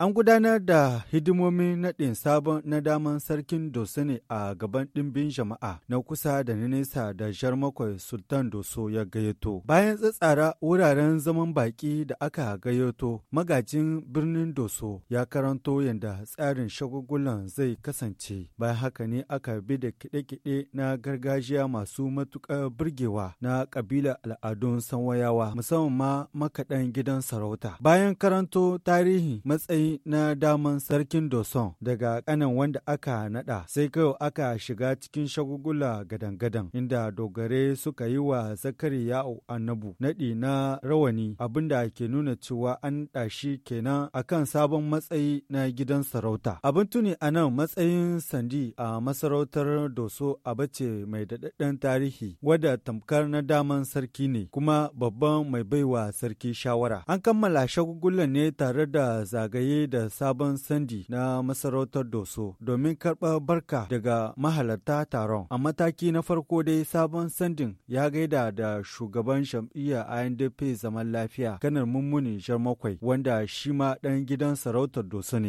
An gudanar da hidimomin naɗin sabon na daman sarkin dosone a gaban ɗimbin jama'a na kusa da na nesa da jarmakwai Sultan Doso ya gayyato. Bayan tsatsara wuraren zaman baƙi da aka gayyato, magajin birnin Doso ya karanto yadda tsarin shagugulan zai kasance. Bayan haka ne aka bi da kiɗe-kiɗe na gargajiya masu matuƙar burgewa na ƙabilar al'adun sanwayawa, musamman ma makaɗan gidan sarauta. Bayan karanto tarihi matsayin na daman sarkin Doson daga kanan wanda aka nada sai kawai aka shiga cikin shagugula gadan-gadan inda dogare suka yi wa zakari ya'u annabu nadi na rawani abinda ke nuna cewa an ɗashi kenan akan sabon matsayi na gidan sarauta. Abin tuni a nan matsayin sandi a masarautar Doso a bace mai daɗaɗɗen tarihi wadda tamkar na daman sarki ne kuma babban mai baiwa sarki shawara. An kammala shagugulan ne tare da zagaye da sabon sandi na masarautar Doso domin karɓar barka daga mahalarta taron. A mataki na farko dai sabon sandin ya gaida da shugaban jam'iyyar INDP zaman lafiya ganar mummuni Jarmakwai wanda shi ma ɗan gidan sarautar Doso ne.